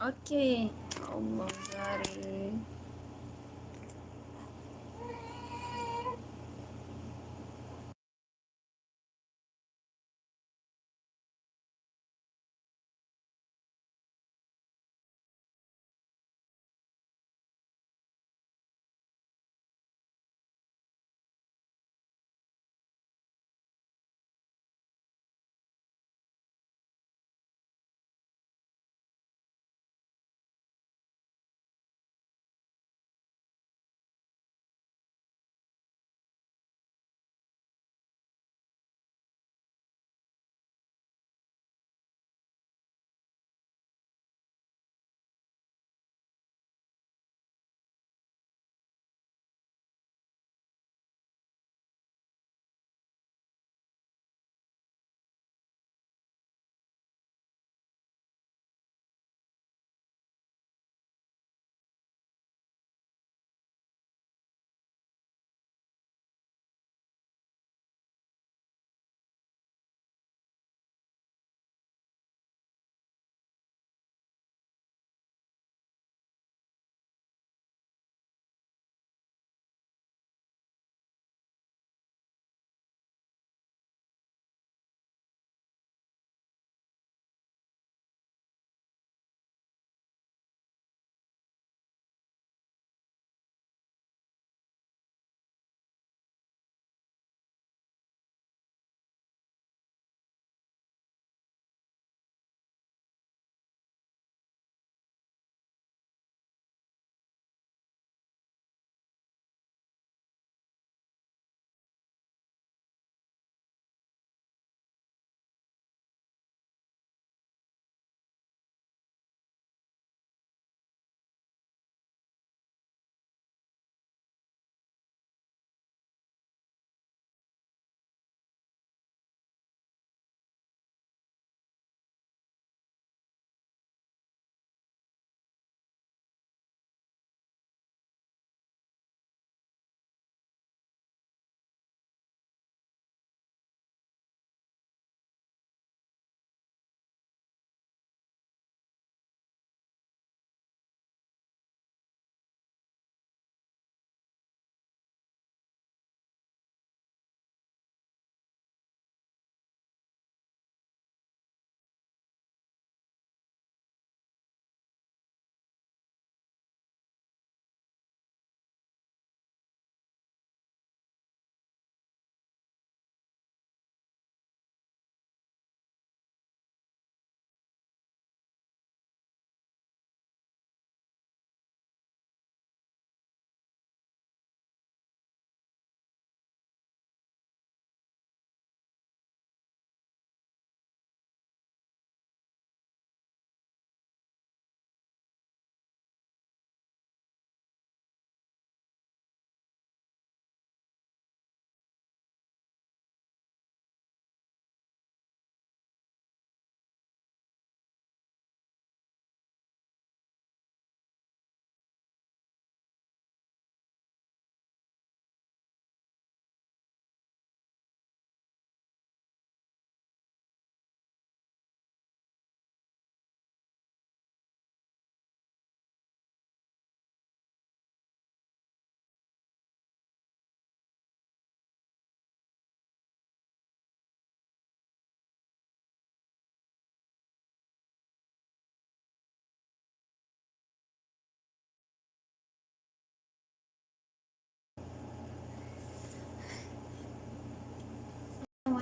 Oke, okay. Allah garis.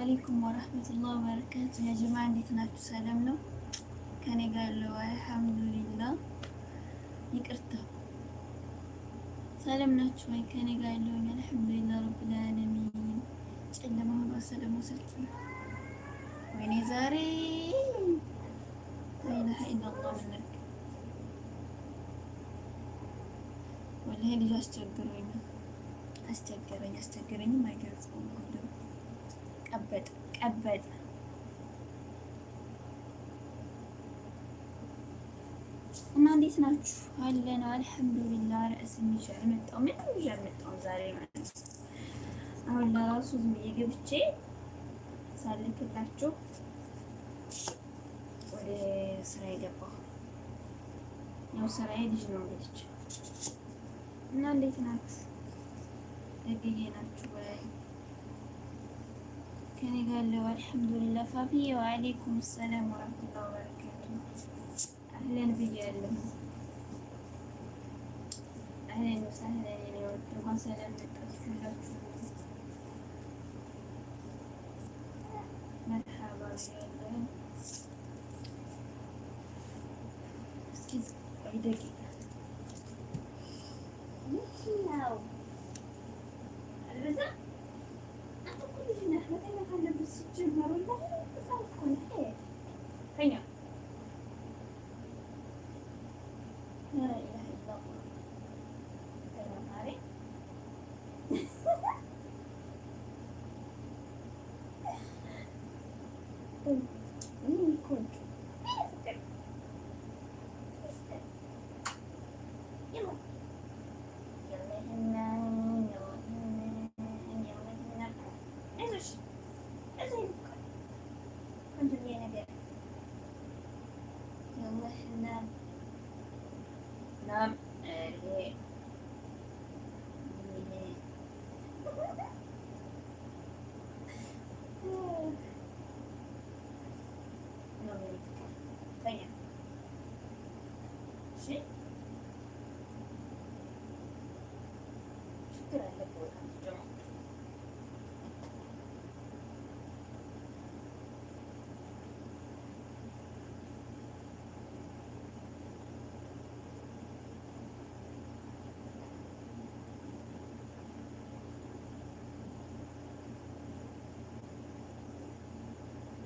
አለይኩም ወረህመቱላህ በረካቱ። የጅማ እንዴት ናችሁ? ሰላም ነው ከኔ ጋር ያለው አልሐምዱሊላህ። ይቅርታ ሰላም ናችሁ ወይ? ከኔ ጋር ያለው አልሐምዱሊላህ ረብል ዓለሚን። ጨለማ ሰለሞ ስልክ ወይኔ ዛሬ ወላሂ ልጅ አስቸግረኝ አስቸገረኝ አስቸገረኝም አይገልጸውም። ቀበጥ ቀበጥ እና እንዴት ናችሁ? አለን አልሐምዱሊላህ። ርዕስ ይዤ አልመጣሁም፣ ምንም ይዤ አልመጣሁም ዛሬ ማለት ነው። አሁን ለራሱ ዝም ብዬ ገብቼ ሳልክላችሁ ወደ ስራ የገባሁ ያው ስራዬ ልጅ ነው ልጅ እና እንዴት ናት? ደግዬ ናችሁ ወይ? كان قال له الحمد لله فبي وعليكم السلام ورحمة الله وبركاته أهلا بي قال أهلا وسهلا يعني وأنتم وسهلا بكم مرحبا بس كذا بعيدة كده Ну, кончу. し切っいこういう感じじゃ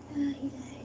ああ、い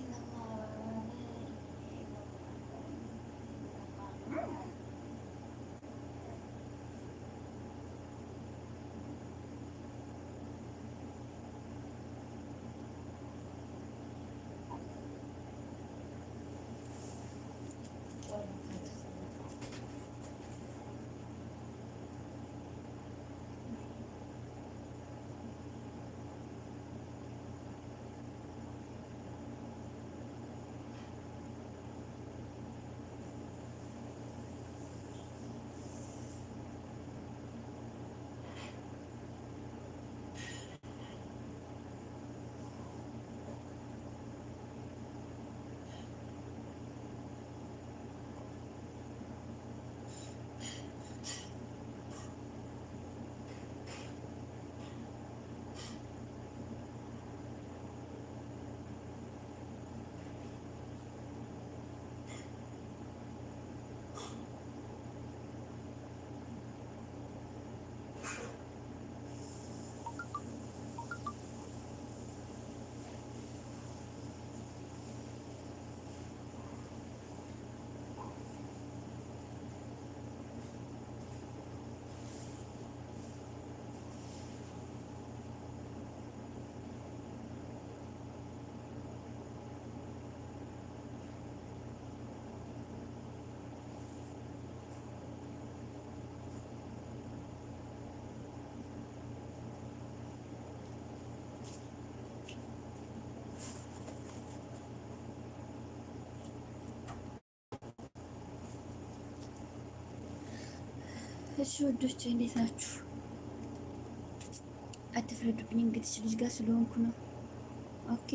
እሺ ወዶች እንዴት ናችሁ? አትፍረዱብኝ። እንግዲህ ልጅ ጋር ስለሆንኩ ነው። ኦኬ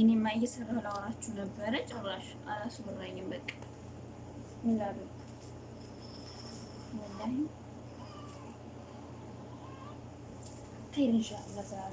እኔማ እየሰራሁ ላወራችሁ ነበረ፣ ጭራሽ አላስወራኝም። በቃ ምን ላድርግ ወላሂ ተይ ልጅ አላዛራ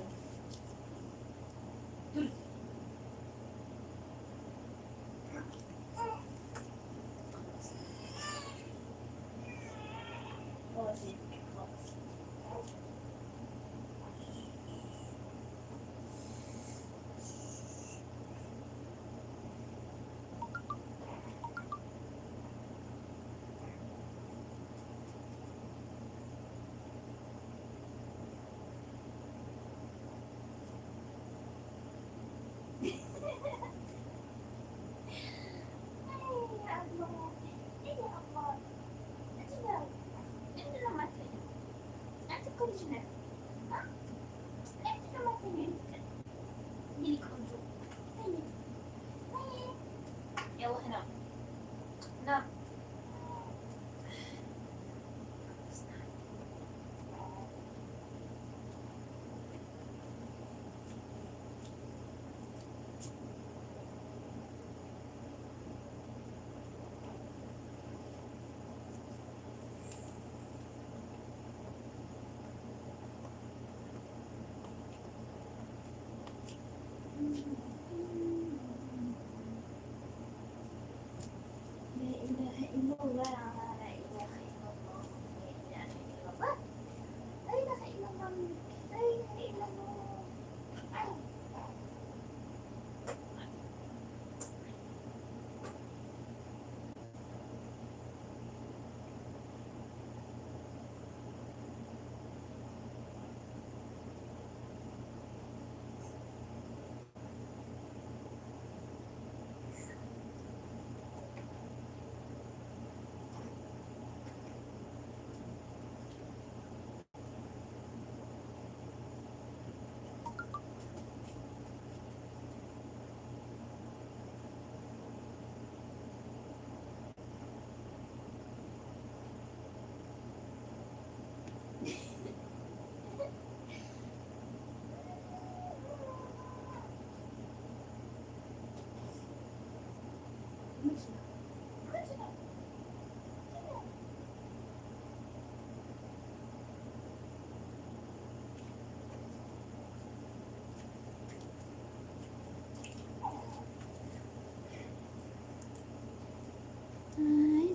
っくりしない。あ、え、ちょっと待ってね。リコ。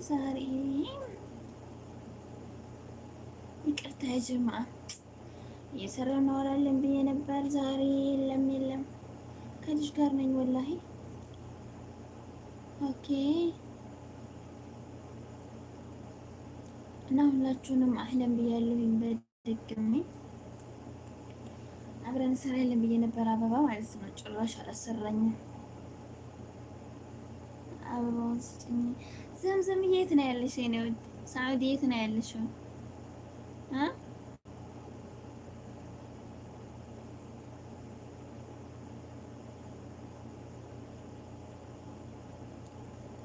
ዛሬ ይቅርታ ጅማ እየሰራ እናወራለን ብዬ ነበር። ዛሬ የለም የለም፣ ከልጅ ጋር ነኝ ወላሂ ኦኬ እና ሁላችሁንም አህለን ብያለሁኝ። በድጋሚ አብረን እንሰራለን ብዬ ነበር። አበባ ማለት ነው። ጭራሽ አላሰራኝም። አበባውን ስጭኝ። ዘምዘም የት ነው ያለሽ? ሳዑዲ የት ነው ያለሽው?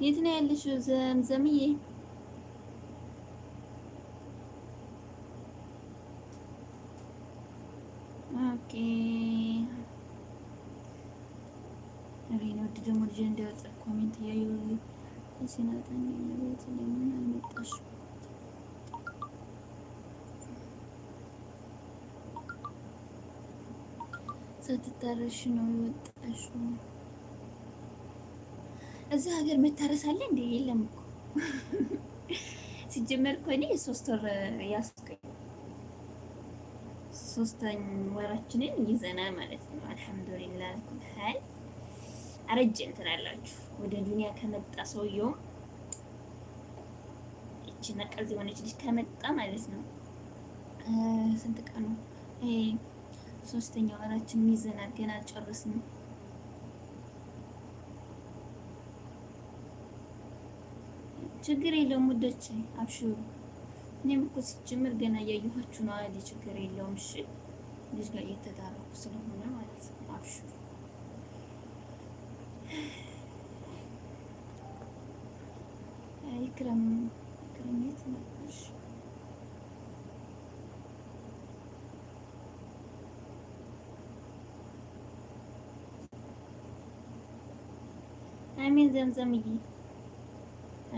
የት ነው ያለሽው? ዘምዘምዬ ኦኬ። አሬና ወድ ደግሞ ልጅ እንዳወጣ ኮሜንት እያዩ ሲናጠን ቤት ለምን አልመጣሽ? ስትታረሽ ነው የወጣሽው? እዚህ ሀገር መታረስ አለ እንደ የለም እኮ ሲጀመር እኮ እኔ ሶስት ወር ያስቀኝ ሶስተኛ ወራችንን ይዘናል ማለት ነው። አልሐምዱሊላ ኩልሀል አረጀ ወደ ዱንያ ከመጣ ሰውየው እቺ ነቀዝ የሆነች ልጅ ከመጣ ማለት ነው። ስንት ቀኑ ሶስተኛ ወራችን ይዘናል ገና አልጨረስንም። ችግር የለውም ውዶች፣ አብሽሩ። እኔም እኮ ሲጀምር ገና እያየኋችሁ ነው። አዲ ችግር የለውም እሺ። ልጅ ጋር እየተዳረኩ ስለሆነ ማለት ነው። አብሽሩ። ይክረም ይክረምት ነበር አሜን ዘምዘምዬ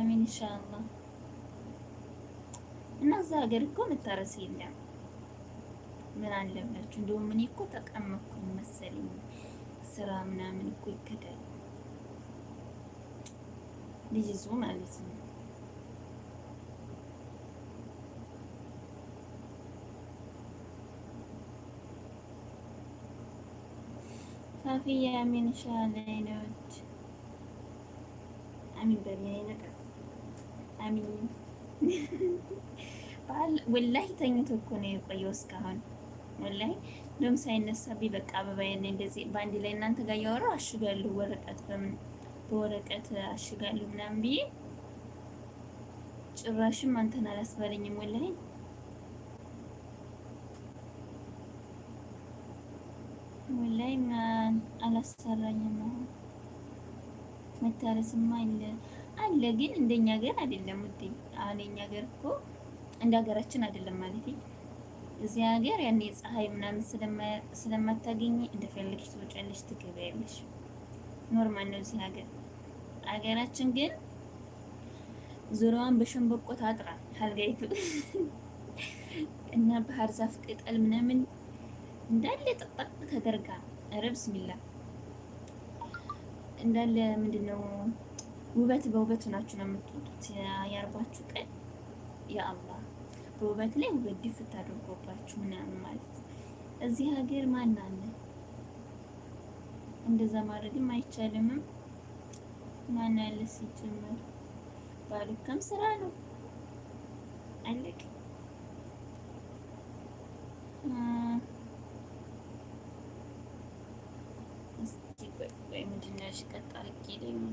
አሚን ኢንሻአላህ። እና እዛ ሀገር እኮ መታረስ የለም። ምን አለብላችሁ? እንደውም እኔ እኮ ተቀመጥኩኝ መሰለኝ ስራ ምናምን እኮ ይከዳል ልጅ ይዞ ማለት ነው። ካፊ አሚን ኢንሻአላህ። ይነውት አሚን በሚነቀ አሚን። ወላሂ ተኝቶ እኮ ነው የቆየው እስካሁን። ወላሂ እንደውም ሳይነሳብኝ በቃ አበባዬን እንደዚህ በአንድ ላይ እናንተ ጋር እያወራሁ አሽጋለሁ፣ ወረቀት በምን በወረቀት አሽጋለሁ ምናምን ብዬ ጭራሽም አንተን አላስባለኝም ወላሂ። ወላሂ አላሰራኝም። መታረስማ የለ አለ፣ ግን እንደኛ ሀገር አይደለም ውዴ። አሁን የኛ ሀገር እኮ እንደ ሀገራችን አይደለም ማለት እዚህ ሀገር ያኔ ፀሐይ ምናምን ስለማታገኝ እንደፈለግሽ ትወጫለሽ፣ ትገበያለሽ። ኖርማል ነው እዚህ ሀገር። ሀገራችን ግን ዙሪያዋን በሸንበቆ ታጥራ አልጋይቱ እና ባህር ዛፍ ቅጠል ምናምን እንዳለ ጥቅጥቅ ተደርጋ ኧረ እንዳለ ምንድን ነው ውበት በውበት ናችሁ ነው የምትወጡት። ያርባችሁ ቀን የአላህ በውበት ላይ ውበት ድፍት አድርጎባችሁ ምናምን ማለት ነው። እዚህ ሀገር ማን አለ እንደዛ ማድረግም አይቻልምም። ማን አለ ሲጀመር ባልከም ስራ ነው አለቅ እስቲ ቆይ ምንድን ነው ያሽቀጣ ልኬ ደግሞ